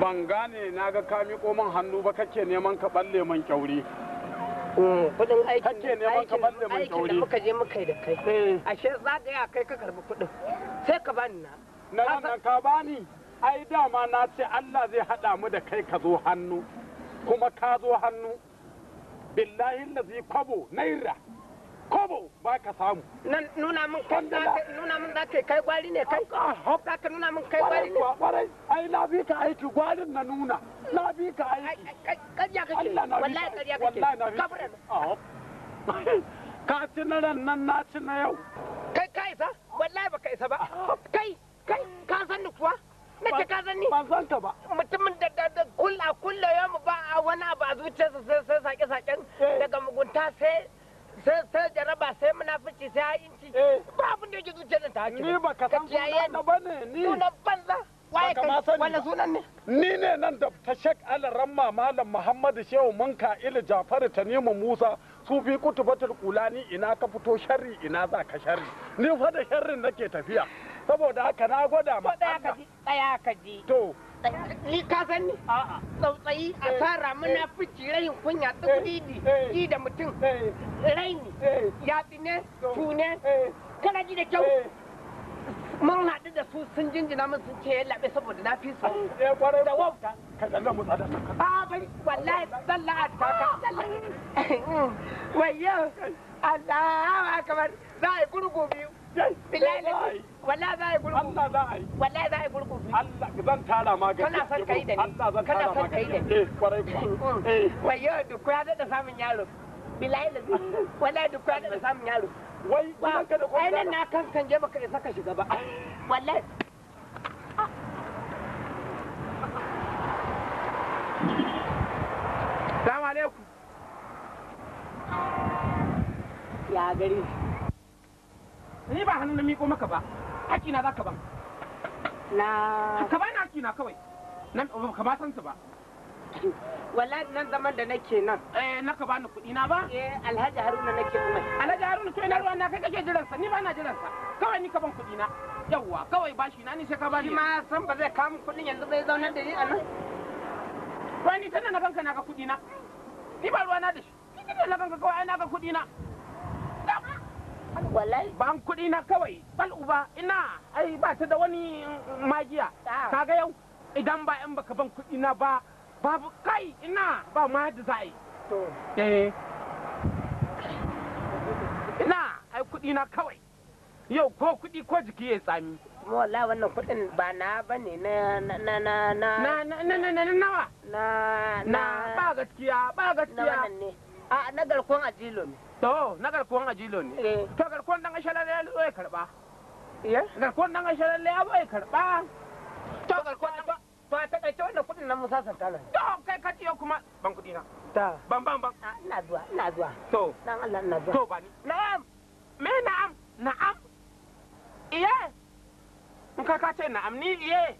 ban gane na ga ka miƙo man hannu ba kake neman ka balle man kyauri eh, kudin aikin kake neman ka balle man kyauri da muka je muka yi da kai eh. ashe zagaya kai ka karbi kudin sai ka bani na na nan nan ka bani ai dama na ce Allah zai hada mu da kai ka zo hannu kuma ka zo hannu billahi lazi kwabo naira kobo ba ka samu nan nuna min kai nuna mun da ka kai gwari ne kai za ka nuna min kai gwari ne gwari ai na bi ka aiki gwarin na nuna na bi ka aiki ya kake wallahi kariya kake bi ka ci na ran nan na ci na yau kai ka isa wallahi kai sa ba kai kai ka san ni kuwa na ce ka san ni ban san ka ba mutumin da da kullu kullu yau ba wani abu a zuciyarsa sai sake saken eh. daga mugunta sai sai jaraba sai munafici sai ha'inci eh. ba abin da yake zuciyar da ta haƙi ni ba ka san sunan na ba ne ni sunan banza waye kai wannan sunan ne ni ne nan da ta shek alaramma malam muhammadu shehu munka ilu jafaru tanimu musa sufi kutubatul kulani ina ka fito sharri ina za ka sharri ni fa da sharrin nake tafiya saboda haka na gwada ma tsaya ka ji tsaya ka ji to ni ka san ni tsautsayi a fara muna fici rayin kunya tsukuridi eh, ki eh, da mutum Rai eh. raini yatsi ne tune kana ji da kyau mun haɗu da su sun jinjina min sun ce laɓe saboda na fi sau. da wau. ka zalla mu tsada a bai, wallahi zalla a taka wayyo Allah akbar za a yi gurgu biyu bilalai wallahi za a yi gurgu Allah za a yi wallahi za a yi gurgu Allah zan tara kana son kai da ni kana son kai da ni eh kwarai kwarai eh duk ya da samun yaro bilahi da wallahi duk ya da samun yaro wai ka da kwai nan na kan je baka isa ka shiga ba wallahi Salamu alaikum. Ya gari. Ni ba hannu na miko maka ba. haƙi na zaka ban na ka bani haƙi na kawai nan ka ba san su ba wallahi nan zaman da nake nan eh naka bani kuɗi na ba eh alhaji haruna nake umai alhaji haruna ruwa na kai kake jiran sa ni ba na jiran sa kawai ni ka ban kuɗi na yawwa kawai bashi na ni sai ka bani shi ma san ba zai kuɗin yanzu da ni a nan ko ni tana na ganka na ga kuɗi na ni ba ruwa na da shi ni tana na kawai na ga kuɗi na wallahi ban kuɗi na kawai bal uba ina ai ba ta da wani mm, magiya kaga yau idan ba yan baka ban kuɗi na ba babu kai ina ba ma yadda za a yi eh ina ai kuɗi na kawai yau ko kuɗi ko jiki ya tsami wallahi wannan kuɗin ba na ba ne na na na na na na na na na na na na ba gaskiya ba gaskiya na a na ajilo ne to na garkuwan ajilo ne eh. to garkuwan dan ashalalle ya zo ya karba garkuwan dan ashalalle ya zo ya karba to garkuwan dan to a takaice wannan kudin nan musa santana to kai ka tiyo kuma ban kudi na ta ban ban ban ah, ina zuwa ina zuwa to dan Allah ina zuwa to ba ni na'am me na'am na'am iye in ka ka ce na'am ni iye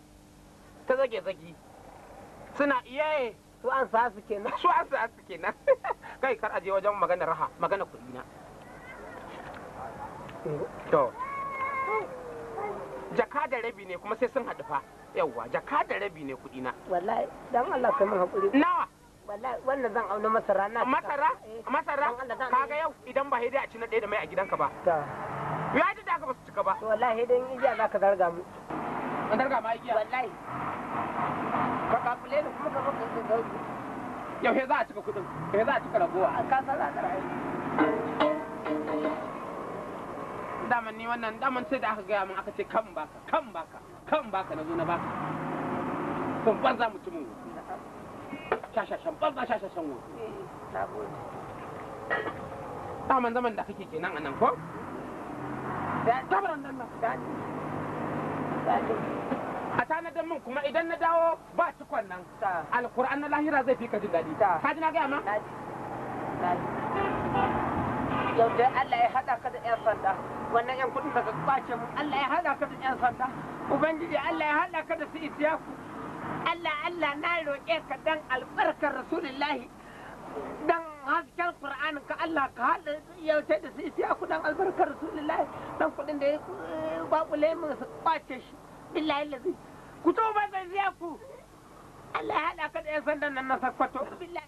ta zage zagi suna iye su an sa su kenan su an sa su kenan kai kar aje wajen magana raha magana kuɗi na to jaka da rabi ne kuma sai sun haɗu fa yawwa jaka da rabi ne kuɗi na wallahi dan Allah kai mun hakuri nawa wallahi wannan zan auna masara na masara eh. masara kaga yau idan ba hidai a ci na ɗaya da mai a gidanka ba ya ji da ka ba su cika ba wallahi hidai in igiya za ka zarga mu zarga ma igiya wallahi ka kakule ni kuma ka a daman ni wannan daman sai da aka gaya min aka ce kan baka kan baka kan baka na na baka sun banza mutumin shashashan banza shashashan wasu eh, daman zaman da kake kenan a ko ko? Tabaran nan na. a tanadar min kuma idan na dawo ba cikon nan alkur'an na lahira zai fi ka jin daɗi ka ji na gaya ma yau da Allah ya haɗa ka da 'yan sanda wannan 'yan kudin daga kwace mu Allah ya haɗa ka da 'yan sanda ubangiji Allah ya haɗa ka da su isiyaku Allah Allah na roƙe ka dan albarkar rasulullahi dan hasken qur'anin ka Allah ka haɗa yau da su isiyaku dan albarkar rasulullahi dan kudin da ya babu eh, babule su kwace shi billahi lazi ku to ba zan ku Allah ya haɗa ka da 'yan sandan nan na sakwato billahi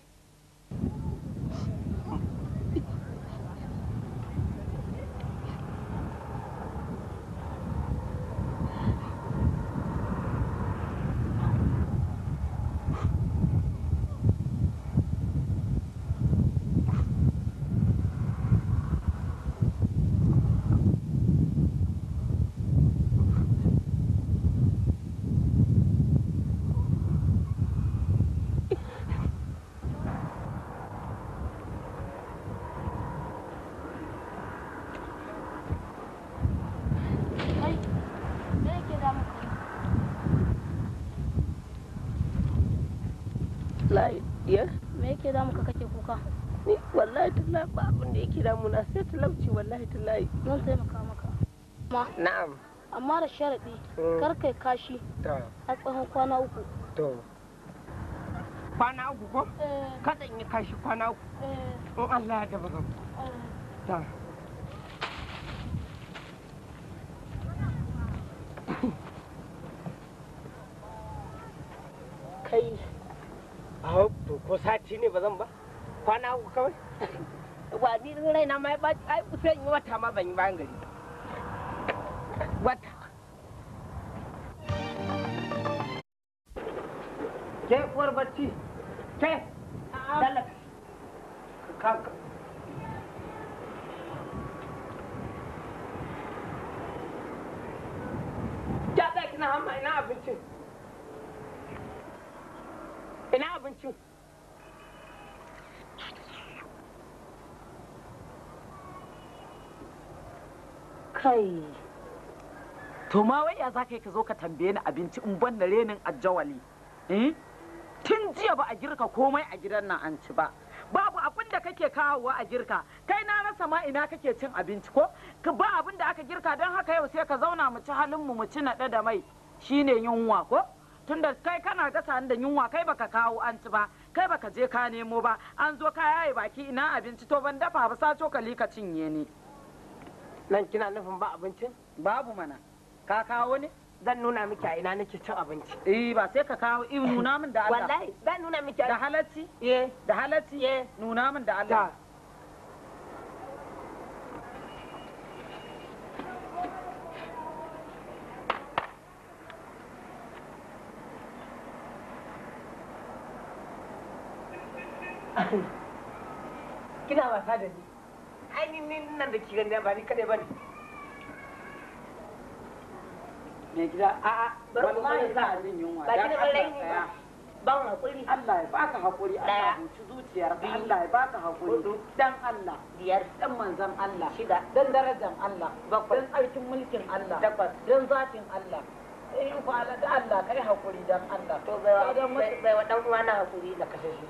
yake damu ka kake kuka ni wallahi tallahi ba abin da yake damu na sai talauci wallahi tallahi zan taimaka maka ma na'am amma da sharadi mm. kar kai kashi to a tsawon kwana uku to kwana uku ko eh. kada in yi kashi kwana uku eh. in Allah ya daba gaba ba zan ba kwana uku kawai ni ba ai sai wata ma ban yi ba gari wata ke bacci ke kai to ma wai ya za ka yi ka zo ka tambaye ni abinci in ban da renin ajawali eh? tun jiya ba a girka komai a gidan nan an ci ba babu abin da kake kawowa a girka kai na rasa ma ina kake cin abinci ko ba abin da aka girka don haka yau sai ka zauna mu ci halin mu mu ci naɗe da mai shine yunwa ko tunda kai kana gasa da yunwa kai baka kawo an ci ba kai baka je ka nemo ba an zo ka yaye baki ina abinci to ban dafa ba sa cokali ka cinye ni nan kina nufin ba abincin babu mana ka kawo ne zan nuna miki a ina nake cin abinci eh ba sai ka kawo in nuna min da Allah wallahi zan nuna miki da halacci eh da halacci eh nuna min da Allah Kina wasa da ni. nan da ki gani ba ni kadai bane me gida a a bar ma ya sa abin yunwa ba kina ban raini ba ban hakuri Allah ya baka hakuri Allah ya huci zuciyar Allah ya baka hakuri dan Allah biyar dan manzon Allah shida dan darajar Allah bakwai dan tsarkin mulkin Allah takwas dan zatin Allah eh, in fa da Allah kai hakuri dan Allah to bai bai wa dan uwa na hakuri da kashe shi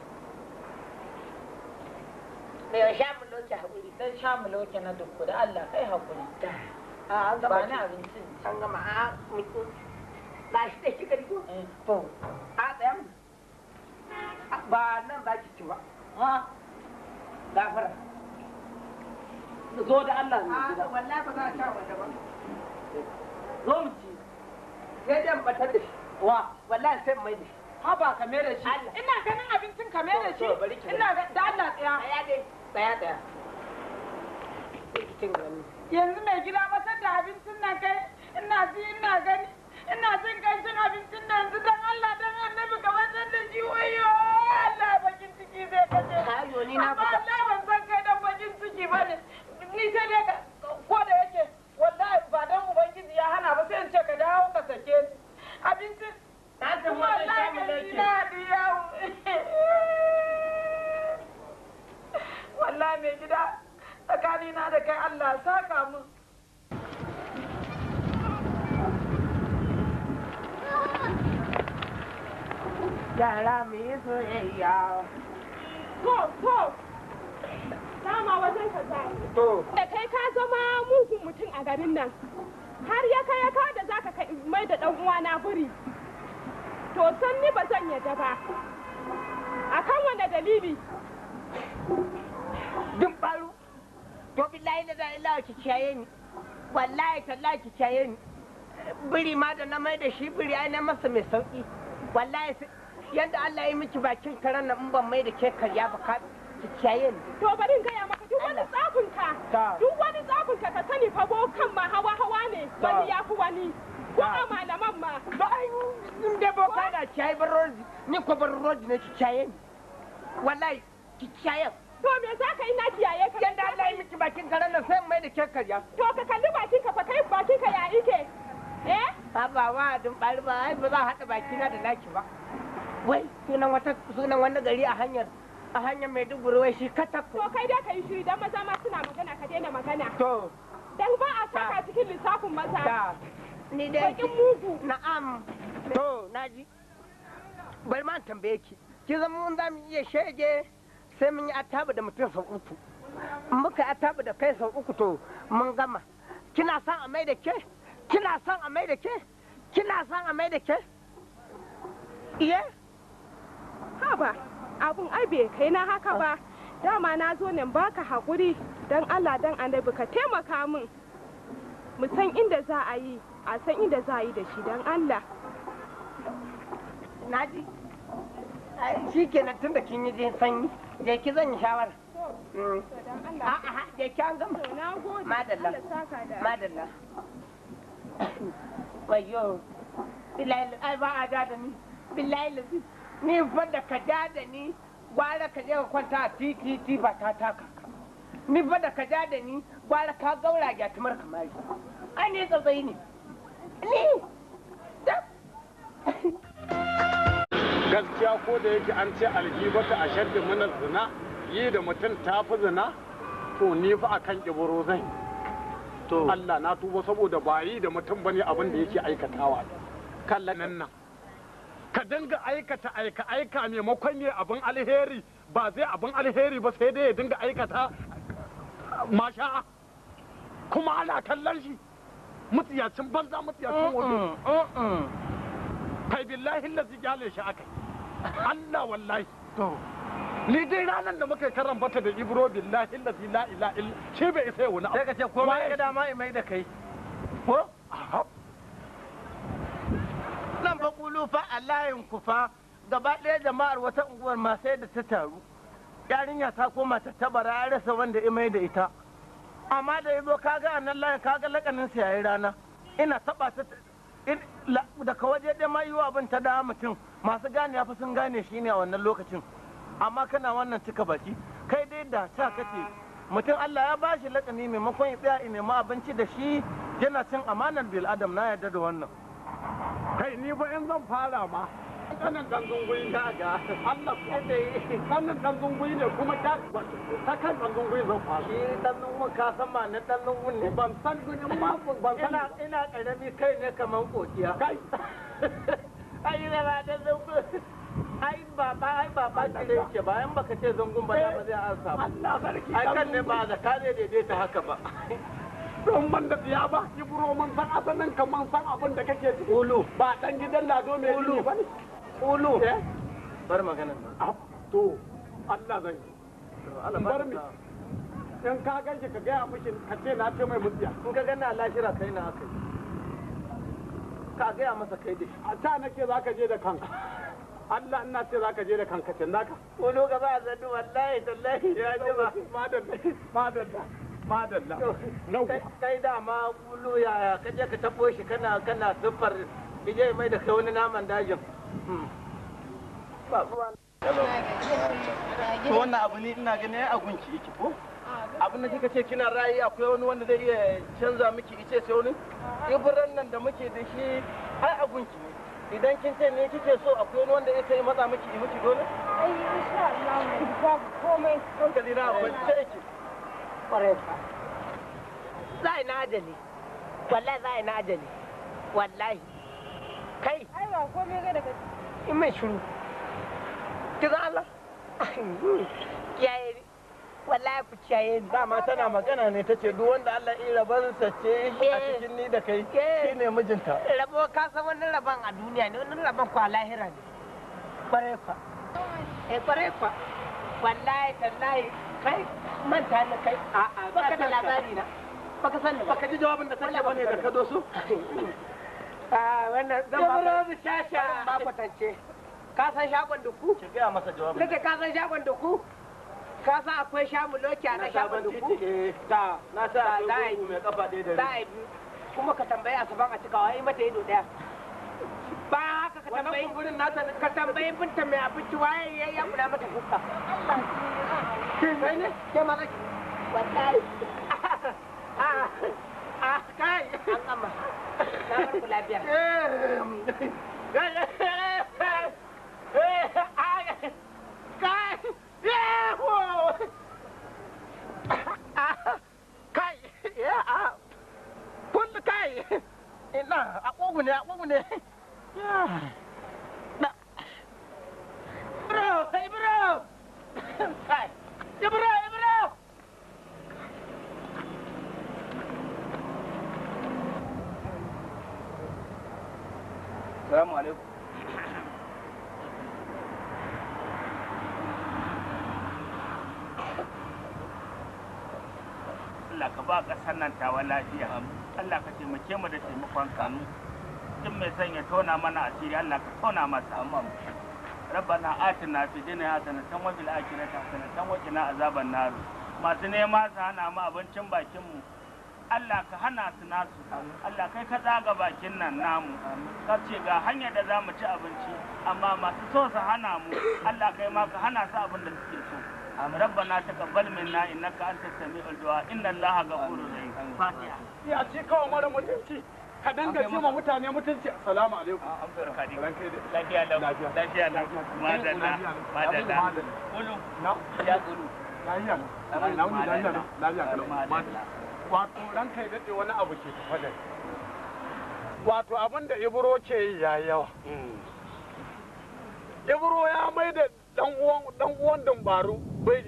bai wa sha mun don hakuri dan sha mu loke na dukku da Allah kai hakuri a an gama ni abincin an gama a mutum ba shi da shigar ku eh. to a tsayan ba nan za ki ci ba gafara zo da Allah ne gida wallahi ba za a sha wanda ba zo mu ci sai dan batar da shi wa wallahi sai mai da shi haba ka mere shi ina ganin abincin ka mere shi ina da Allah tsaya tsaya tsaya cikin gani yanzu mai gida masar da abincin nan kai ina ji ina gani ina jin kanshin abincin nan yanzu dan Allah don annabi ka wajen da ji wayo Allah bakin ciki zai kace ayo ni na Allah ban san kai dan bakin ciki ba ne. ni sai dai ka ko da yake wallahi ba don ubangiji ya hana ba sai in ce ka dawo ka sake ni abincin ta san wannan shamu da wallahi mai gida tsakanina da kai Allah saka kamu. yara mai yi soyayya ko ko dama wajen ka zai da kai ka zama mugun mutum a garin nan har ya kai ya da zaka kai mai da ɗan uwa na to san ni ba zan yadda ba a kan wanda dalili din to billahi la ilaha ki ciyaye ni wallahi tallahi ki ciyaye ni biri ma da na mai da shi biri ai na masa mai sauki wallahi yadda Allah ya miki bakin karan nan in ban mai da ke karya ba ka ciyaye ni to bari in gaya maka duk wani tsakun ka duk wani tsakun ka ka sani fa kan ma hawa hawa ne wani ya fi wani ko a malaman ma ba ai in da boka da ciyaye bar rozi ni ko bar rozi ne ciyaye ni wallahi ki ciyaye To me za ka yi na kiyaye ka? Yanda Allah yi miki bakin karen nan sai mai da ke karya. To ka kalli bakin ka fa kai bakin ka ya ike. Eh? Ba wa dun bari ba ai ba za haɗa bakina da naki ba. Wai sunan wata sunan wani gari a hanyar a hanyar duburu wai shi katak. To kai dai ka yi shiri dan maza ma suna magana ka daina magana. To. Dan ba a saka cikin lissafin maza. Ni dai. Bakin mugu. Na'am. To naji. Bari ma tambaye ki. Ki zama mun za mu iya shege. sai mun yi ataba da mutum sau uku muka ataba da kai sau uku to mun gama kina son a mai da ke kina son a mai da ke kina son a mai da ke iye haba abun ai bai kai na haka ba dama na zo ne baka haƙuri don allah don annabi ka taimaka min mu san inda za a yi a san inda za a yi da shi don allah naji shi kenan tun da kin yi jin sanyi da ki zan yi shawara mm. a'a da ki an gama madalla madalla wayo billahi ai ba a da ni billahi lazi ni fa da ka da da ni gwara ka je ka kwanta a titi ti ba ta taka ni fa da ka da da ni gwara ka gaura ya tumar kamari ai ne tsatsai ne ni da gaskiya ko da yake an ce aljibata a shaddi mana zina yi da mutum ta fi zina to ni fa akan kiburo zan to Allah na tuba saboda ba yi da mutum ne abin da yake aikatawa kallanin nan ka dinga aikata aika aika maimakon ne abin alheri ba zai abin alheri ba sai dai ya dinga aikata masha kuma ana kallon shi mutiyacin banza mutiyacin wasu kai billahi lazi gyale shi akai Allah wallahi to ni dai ranar da muka karan bata da ibro billahi allazi la ilaha illa shi bai isa wani abu sai ka ce komai ka dama mai mai da kai ko nan fa kulu fa a layin ku fa gaba ɗaya jama'ar wata unguwar ma sai da ta taru yarinya ta koma ta tabara ya rasa wanda imai da ita amma da yazo kaga annan layin kaga lakanin sa yayi rana ina taba ta daga waje ɗaya ma yiwa abin ta da mutum masu gane ya fi sun gane shi ne a wannan lokacin amma kana wannan cika baki kai dai da ta kace mutum Allah ya bashi lakani maimakon ya tsaya nema abinci da shi yana cin amanar bil adam na yarda da wannan kai ni ba in zan fara ba. kanan dan zungui ta ga Allah ko kanan dan zungui ne kuma ta ta kan dan zungui zan fara shi dan zungui ka san ma na dan zungui ne ban san gunin ma ban san ina ina karami kai ne kaman kokiya kai ai rana da zango ai ba, ai baba kire yake ba yan baka ce zangon ba ba zai ansa ba Allah sarki ai kan ne ba ka ne daidaita haka ba don man da biya ba ki buro man san asalin kaman san abin da kake ciki ulu ba dan gidan lado mai ulu ba ne ulu eh? bar maganan A ah, to Allah zai bar mi in ka ganshi ka gaya mishi ka ce na ce mai mutiya in ka ganna lashira kai na aka ka gaya masa kai da shi a ta nake za ka je da kanka Allah ina ce za ka je da kanka can naka kulo gaba a zannu wallahi tallahi ya ji ba madalla madalla madalla kai da ma kulo ya ka je ka tabo shi kana kana siffar ki mai da kai wani naman dajin hmm. ba wannan abu ne ina ganin ya agunki yake ko abin da kika ce kina ra'ayi akwai wani wanda zai iya canza miki ice sai wani ibiran nan da muke da shi ai abunki ne idan kin ce ne kike so akwai wani wanda ya kai matsa miki miki dole ai insha Allah ba komai dina hankali na ki kware ka sai na adali wallahi sai na adali wallahi kai ai ba komai ga daga in mai shiru kiza Allah ai hmm. yayi wallahi ku ciyaye ni dama tana magana ne tace duk wanda Allah ya sa ce a eh. cikin ni da kai eh. ne mijinta rabo ka san wani rabon a duniya ne wani rabon kwa lahira ne kwarai kwa eh kwarai kwa wallahi tallahi kai manta ni kai A'a ba ka da labari na Ba ka san baka ji jawabin da take bane da ka dosu a ah, wannan zan ba ku shasha ba kwatance ka san shagon duku? ku ki ga masa jawabin kake ka san shagon duku? Kasa akwai shamu loki a na shamu duku ta na sa akwai gugu mai kafa ɗaya da rai kuma ka tambayi a saban a cikawa yi mata ido daya ba haka ka tambayi gurin nasa ka tambayi binta mai abinci waye ya yi muna mata kuka kai ne ke ma kake wallahi a kai an amma na farko lafiya Yeah, whoa! Kai, yeah, uh, put the Kai. Nah, I won't win I Yeah. ƙasar nan tawa lafiya Allah ka taimake mu da taimakon kanu duk mai son ya tona mana asiri Allah ka tona masa amma rabbana atina fi dunya hasanatan wa fil akhirati hasanatan wa qina azaban nar masu nema su hana mu abincin bakin mu Allah ka hana su nasu Allah kai ka tsaga bakin nan namu ka ce ga hanyar da za mu ci abinci amma masu so su hana mu Allah kai ma ka hana su abin da suke so am rabbana taqabbal minna innaka antas samiul du'a inna allaha ghafurur rahim fatiha ya ce kawai mara mutunci ka danga ce ma mutane mutunci assalamu alaikum lafiya lafiya lafiya madalla madalla na ya lafiya lafiya lafiya wato ranka dade wani abu ke da wato abin da ibro ke yi ya yawa ibro ya mai da dan uwan dambaru bai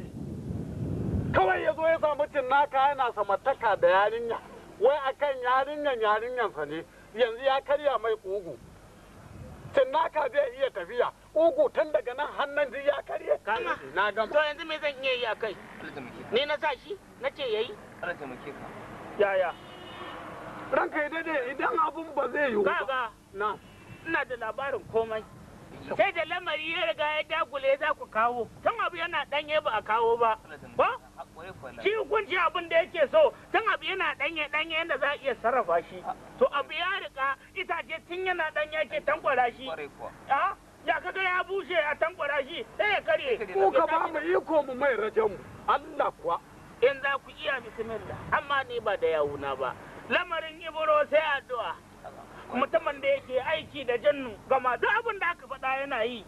kawai ya zo ya samu cinnaka yana samartaka da yarinya wai akan yarinyan yarinyansa ne yanzu ya karya mai ugu, cinnaka zai iya tafiya ugu tun daga nan hannun ji ya karye na gama to yanzu me zan iya yi a kai ni na sa shi na ce yayi yaya ranka idan abun ba zai yiwu ba na ina da labarin komai sai da lamari ya riga ya dagule za ku kawo tun abu yana danye ba a kawo ba ba shi hukunci abin da yake so tun abu yana danye danye yadda za a iya sarrafa shi to abu ya riga itace tun yana danye yake tankwara shi ya kaga ya bushe a tankwara shi sai ya karye ku ka ba mu iko mu mai rajamu Allah kuwa in za ku iya bismillah amma ni ba da yawuna ba lamarin ibro sai addu'a mutumin da yake aiki da jannu gama duk abin da aka faɗa yana yi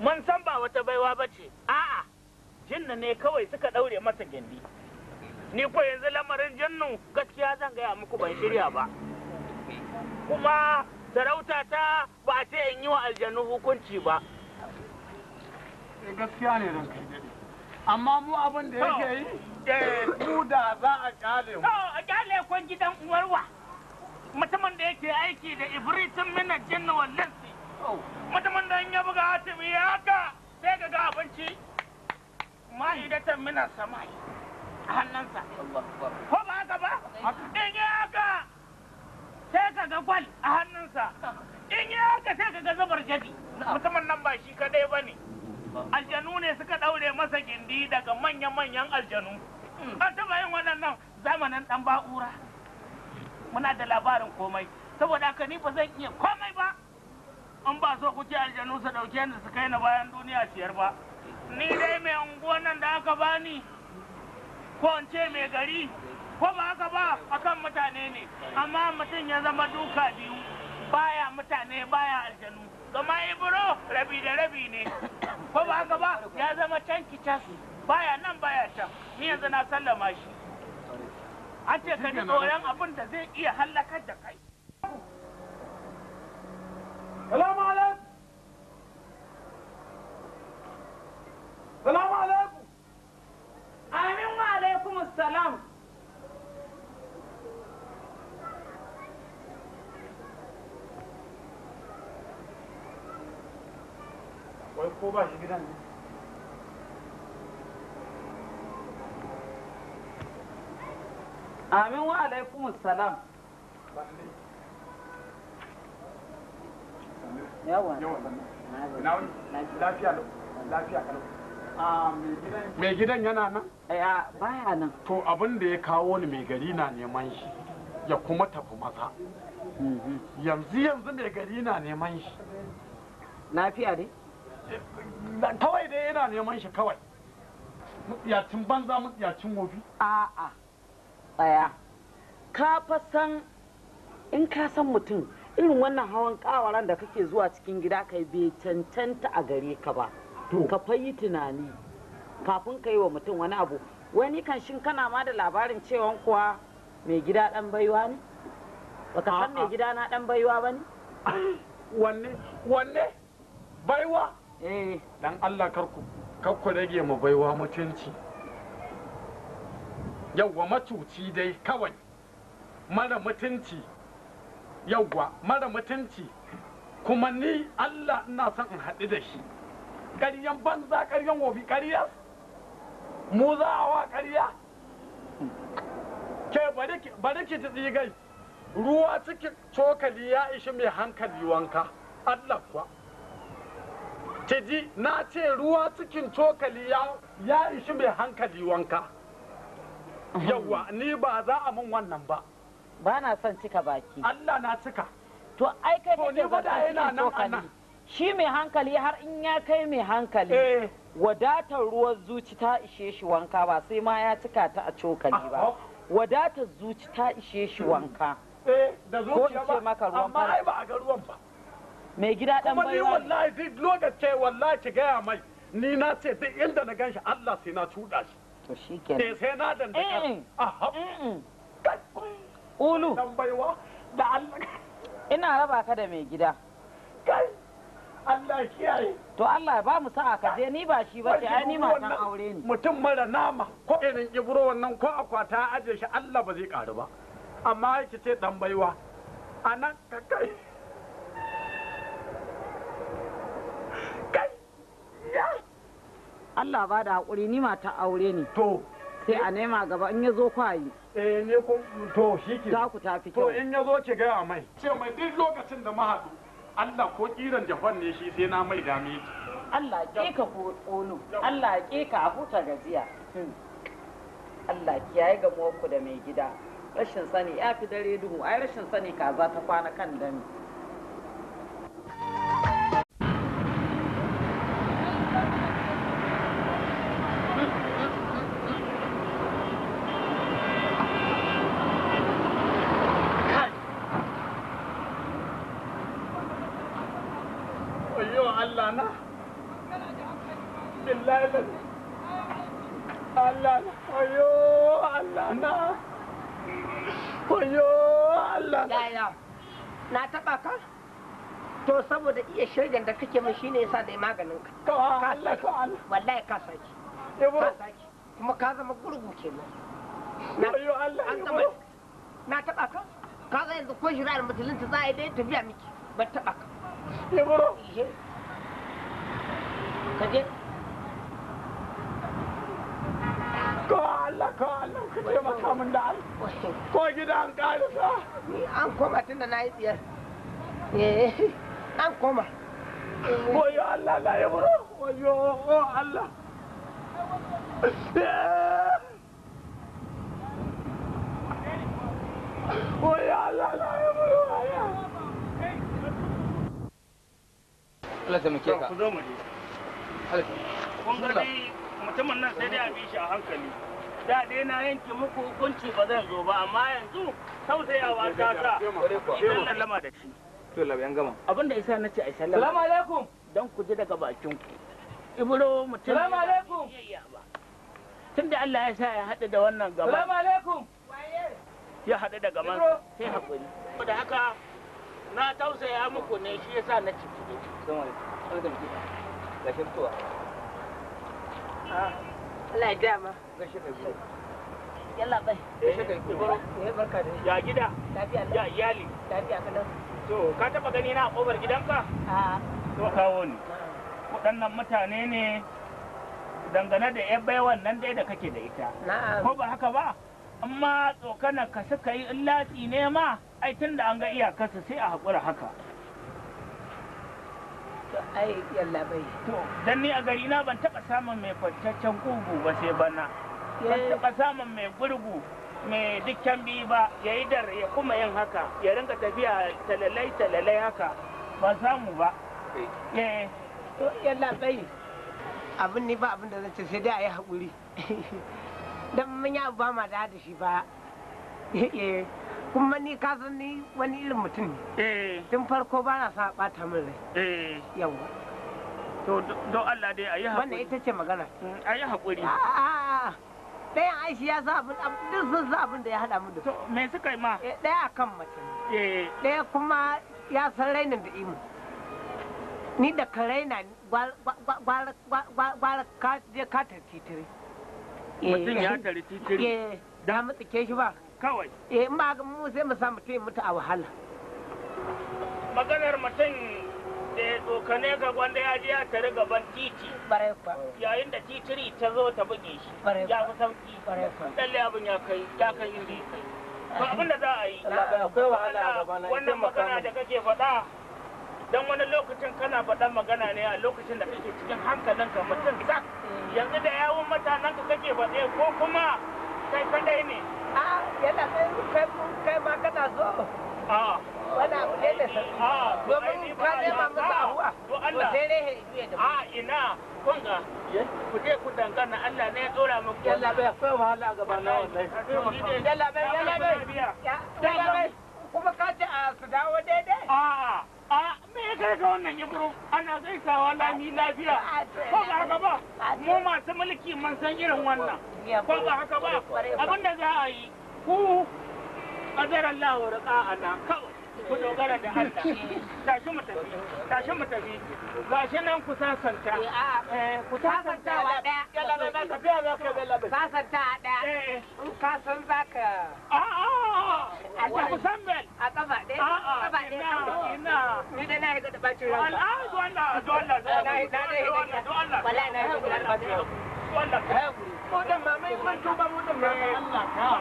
mun san ba wata baiwa ba ce a'a jinnu ne kawai suka ɗaure masa gindi ni ko yanzu lamarin jinnu gaskiya zan gaya muku ban shirya ba kuma sarauta ta ba a ce in yi wa aljanu hukunci ba eh, gaskiya ne amma mu abin da yake yi eh. mu da za a kyale mu a kyale kun gidan uwarwa mutumin da yake aiki da ibritin mina jinni wallan oh. mutumin da ya buga hatimi ya haka sai ga abinci ma'idatan mina samai a hannunsa ko ba haka ba in yi haka sai ka ga gwal a hannunsa in yi haka sai ka ga zubar jadi mutumin nan ba shi kadai ba ne aljanu ne suka daure masa gindi daga manya-manyan aljanu hmm. an taba yin waɗannan zamanin ɗan ba'ura muna da labarin komai saboda haka ni ba zan iya komai ba in ba so kuke aljanu su dauke ni su kai na bayan duniya siyar ba ni dai mai unguwan nan da aka bani ko in ce mai gari ko ba haka ba akan mutane ne amma mutum ya zama duka biyu baya mutane baya aljanu zama ibro rabi da rabi ne ko ba haka ba ya zama can kicas baya nan baya can ni yanzu na sallama shi an ce ka da zai iya hallakar da kai salamu alaikum salamu alaikum amin wa alaikum salam wai ko ba shi gidan ne amin wa alaikum salam mai ah, gidan yana nan? baya nan to abin da ya kawo ni mai gari na neman shi ya kuma tafi maza mhm. yanzu yanzu mai gari na neman shi lafiya kawai dai yana neman shi kawai mutsiyacin banza mutsiyacin wofi a'a tsaya ka fa san in ka san mutum irin wannan hawan kawaran da kake zuwa cikin gida kai bai cancanta a gare ka ba ka fayi tunani kafin ka yi wa mutum wani abu wani kan shin kana ma da labarin cewa kuwa mai gida dan baiwa ne baka san mai gida na dan baiwa ba ne wanne wanne baiwa eh dan Allah karku karku rage mu baiwa mutunci yawwa matuci dai kawai mara mutunci yawwa mara mutunci kuma ni Allah ina son in haɗu da shi ƙaryan banza ƙaryan wofi ƙarya mu za a wa ƙarya ke bari ki ji tsigai ruwa cikin cokali ya ishi mai hankali wanka Allah kuwa ta ji na ce ruwa cikin cokali ya ishi mai hankali wanka Yawwa ni ba za a mun wannan ba. Ba na son cika baki. Allah na cika. To ai kai kake zata nan cokali. Shi mai hankali har in ya kai mai hankali. Eh. Wadatar ruwan zuci ta ishe shi wanka ba sai ma ya cika ta a cokali ba. Wadatar zuci ta ishe shi hmm. wanka. Eh, da zuciya ba amma ai ba a ga ruwan ba mai gida dan bai kuma ni wallahi duk lokaci wallahi ki gaya mai ni na ce duk inda na ganshi Allah sai na cuda shi to shi ke nan eh, sai na dandaka ulu da Allah ina raba ka da mai gida kai Allah kiyaye to Allah ba mu sa'a ka je ni ba shi ba ce ai ni matan aure ne mutum mara nama ko irin ibro wannan ko akwata aje shi Allah ba zai karu ba amma yake ce dan baiwa anan ka kai Allah ba da haƙuri ni mata aure ne. To. Sai a nema gaba in ya zo kwayi. Eh ne ko to shi ke. Za ku tafi kyau. To in ya zo ki gaya mai. Ce mai duk lokacin da mahaɗu Allah ko kiran Jafan ne shi sai na mai dame ki. Allah ya ke ko ƙonu. Allah ya ka a huta gajiya. Hmm. Allah ya yi ga ku da mai gida. Rashin sani ya fi dare duhu, ai rashin sani kaza ta kwana kan dami. Koyo Allah. Yaya, na taɓa ka? To saboda iya shirgin da kake min shine yasa da maganin ka. Ka Allah to Allah. Wallahi ka saki. Ka saki. Kuma ka zama gurgu ke nan. Koyo Allah. An na taɓa ka? Ka ga yanzu ko shirar ta za a yi dai tafiya miki. Ban taɓa ka. Ibro. Ka je. God. Allah ka Allah ka taimaka min da ko gida an karisa ni an koma tun da na yi tsiyar eh an koma Allah la ya Allah wayo Allah la ya buro oh Allah eh. ta muke ka ku zo mu je mutumin nan sai dai a bi shi a hankali da dai na yanke muku hukunci ba zan zo ba amma yanzu tausayawa ta sa idan sallama da shi to labiyan gama abin da isa nace ai sallama salamu alaikum dan ku ji daga bakin ku ibro mutum salamu alaikum tunda Allah ya sa ya hada da wannan gaba salamu alaikum ya hada da gaman sai hakuri da haka na tausaya muku ne shi yasa na ci salamu alaikum ga shi ah, Allah ya dama yalla bai eh, eh, ya gida ya iyali to ka taba gani na kofar gidanka a to kawo ni waɗannan mutane ne dangane da yan baiwan nan dai da kake da ita ko ba haka ba amma tsokanar ka suka yi in latsi ne ma ai tun da an ga iyakarsa sai a haƙura haka ai yalla bai to dan ni a gari na ban taɓa samun mai kwanciyar kugu ba sai bana ban kasamun samun mai gurgu mai dukkan biyu ba ya yi dar ya kuma yin haka ya ringa tafiya talalai talalai haka ba samu ba eh to yalla bai abin ne ba abin da ce sai dai a yi haƙuri don mun yi abu ba ma da da shi ba eh, eh. kuma ni ka san ni wani irin mutum ne eh. tun farko ba na sa ɓata min rai yawa to don Allah dai a yi haƙuri wannan ita ce magana mm, a yi haƙuri ah, ah, ah. daya aishi ya zabin duk sun zabin da ya haɗa mu da su me suka yi ma eh, ɗaya akan mace eh. ɗaya kuma ya san rainin da imu ni da ka raina gwara ka je ka titiri eh, mutum ya tari titiri da mu tsike shi ba kawai eh in ba mu sai mu samu mutum mutu a wahala maganar mutum da ya ne ga gwanda ya je ya tare gaban titi yayin da titiri ta zo ta buge shi ya fi sauki lalle abin ya kai ya kai iri ba abin da za a yi wannan magana da kake faɗa don wani lokacin kana faɗan magana ne a lokacin da kake cikin hankalinka mutum sak eh. yanzu da yawon mutanen ka kake faɗe ko kuma kai kadai ne a ah, yana kai ma kana so ah. wani abu ne da sassu ah, domin ka nema masa ahuwa to sai dai ya da a ah, ina kun ga ku je ku dangana Allah ne ya tsora muku bai akwai wahala a gaba na wallahi yalla bai bai bai kuma ka ce a ah, su dawo daidai a a me ya kai ga wannan ibro ana gaisawa lami lafiya ko ba haka ba mu masu mulki mun san irin wannan ko ba haka ba abinda za a yi ku qadara Allah wa raqa'ana ku dogara da Allah tashi mu tafi tashi mu tafi nan ku sasanta eh, eh, ku sasanta wa daya ka biya ka bella ba sasanta a daya eh. in ka san a a ku san bel a kafa dai kafa dai ina ni da na yi ran Allah wallahi na yi mai Allah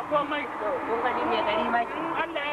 ka me gari ma Allah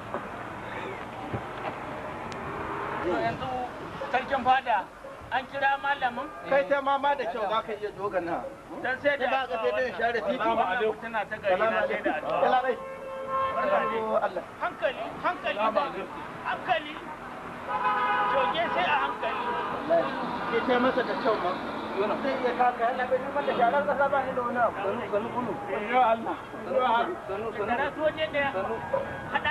yanzu sarkin fada an kira malamin kai ta ma da kyau za ka iya dogana dan sai da ka sai da share titi ta gari na sai da Allah hankali hankali hankali joge sai a hankali ke ce masa da kyau ma iya kaka yana bai da kasa ba ni da wani abu sanu sanu sanu sanu sanu sanu sanu sanu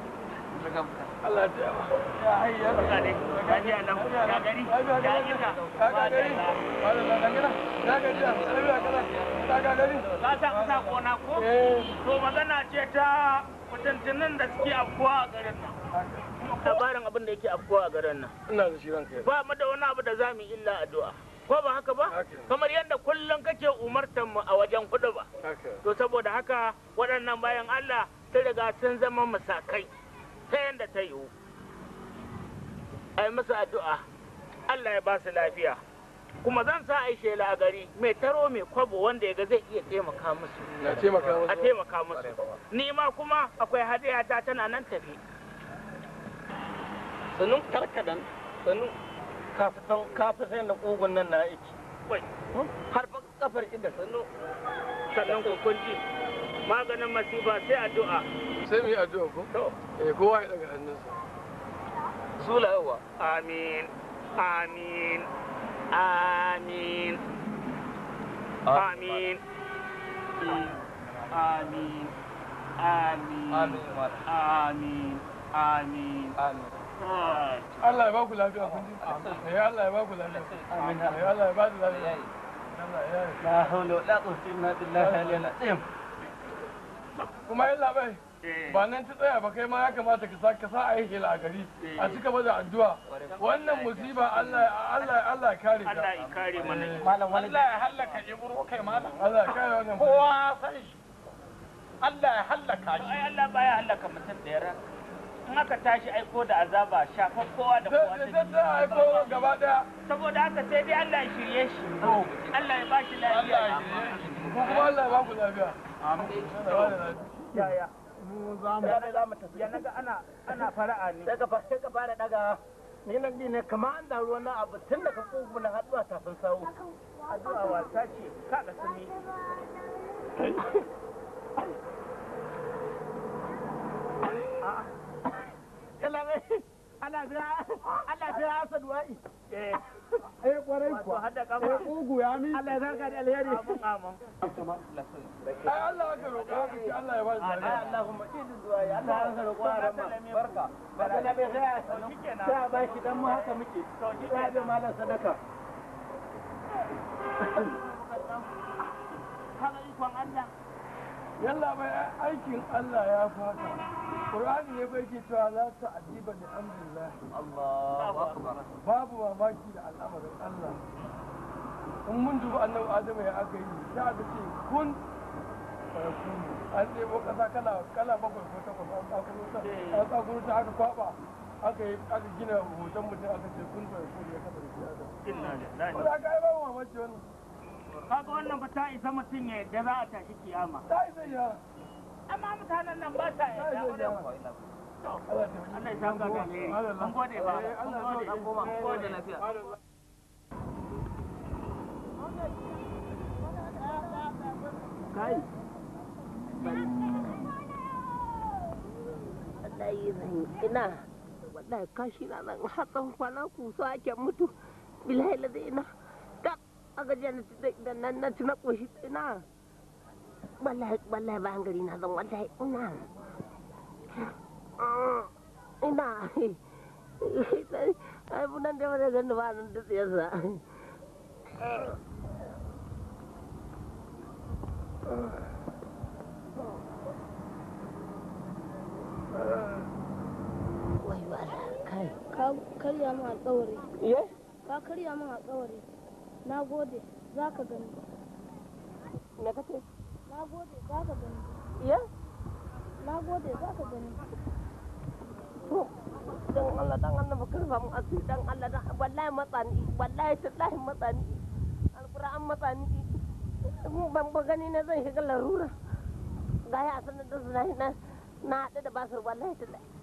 Allah ka ka ka ka ka ka ka ka ga ka ka ka a garin nan labarin abin da yake afkuwa a garin nan ina da ba mu da wani abu da zamu illa addu'a ko ba haka ba kamar yadda kullum kake umartar mu a wajen kudu ba to saboda haka waɗannan bayan Allah sun riga sun zama masakai ta yadda ta yiwu a yi addu'a allah ya ba su lafiya kuma zan sa a shela a gari mai taro mai kwabo wanda ya ga zai iya taimaka musu a taimaka musu ni ma kuma akwai hadiya ta tana nan tafi sanun karkadan sanun kafa sai na kogon nan na aiki hmm? har ba kafar inda sannu sannan kun maganin masifa sai addu'a sai mu yi addu'a ko eh kowa ya daga hannunsa sula yawa ah. amin amin amin amin amin amin amin amin ah. amin Allah ya ku lafiya kun ji. Amin. Eh, Allah ya ku eh, lafiya. Amin. Allah ya ku lafiya. La hawla wala quwwata illa billah Kuma yalla bai. ba nan ta tsaya ba kai ma ya kamata ka ka sa a yi hila a gari a cika ba da addu'a wannan musiba Allah Allah Allah kare ka Allah ya kare mana malam Allah ya halaka ibro kai malam Allah ya kare wannan kowa san shi Allah ya halaka shi ai Allah baya halaka mutum da ya raka in aka tashi aiko da azaba shafar kowa da kowa ta sai aiko gaba daya saboda haka sai dai Allah ya shirye shi Allah ya bashi lafiya Allah ya shirye shi kuma Allah ya ba ku lafiya amin yaya mu za mu za mu tafi ya naga ana ana fara'a ne daga fa sai ka fara daga ni nan ne an da ruwan na abu tun daga kogo na haduwa sawo wasa ce ka eh eh kwarai kuwa eh kugu ya mi Allah ya saka da alheri ai Allah ka roƙa ka ci Allah ya ba shi ai zuwa ya Allah ya roƙa ramma barka barka da bai sai ba shi dan mu haka muke to ki da malam sadaka kana ikon Allah yalla bai aikin Allah ya fata Qur'ani ya bai cewa la ta'diba li amrillah Allahu akbar babu mamaki da al'amarin Allah in mun duba annabi Adamu ya aka yi sai aka ce kun an ɗebo kasa kala kala bakwai ko takwas an tsakuro ta eh. an tsakuro ta aka kwaba aka yi aka gina hoton mutum aka ce kun fara kun ya kafa da shi Adam inna lillahi ko da ka yi babu mamaki wannan kaga wannan ba ta isa mutum ya yadda za a tashi kiyama ta isa ya amma mutanen nan ba ta yadda wannan Allah ya saka ga ne mun gode ba mun gode mun gode eh, lafiya kai ina wallahi kashi na nan hatsan kwana kusa ake mutu bilhaila da ina aga jiya na ci na ƙoshi ah, ina wallahi wallahi ba gari na zan wallahi ina ina ai bunan da wani gani ba nan da tsiyarsa wai kai ka karya mu a tsawari ka karya mu a tsawari na gode za ka gani me kace na gode za ka gani iya na gode za ka gani dan Allah dan Allah ba kirfa mu asiri dan Allah dan wallahi matsani wallahi tallahi matsani alquran matsani mu ban ba gani na zan shiga larura gaya a sanar da na na haɗu da basir wallahi tallahi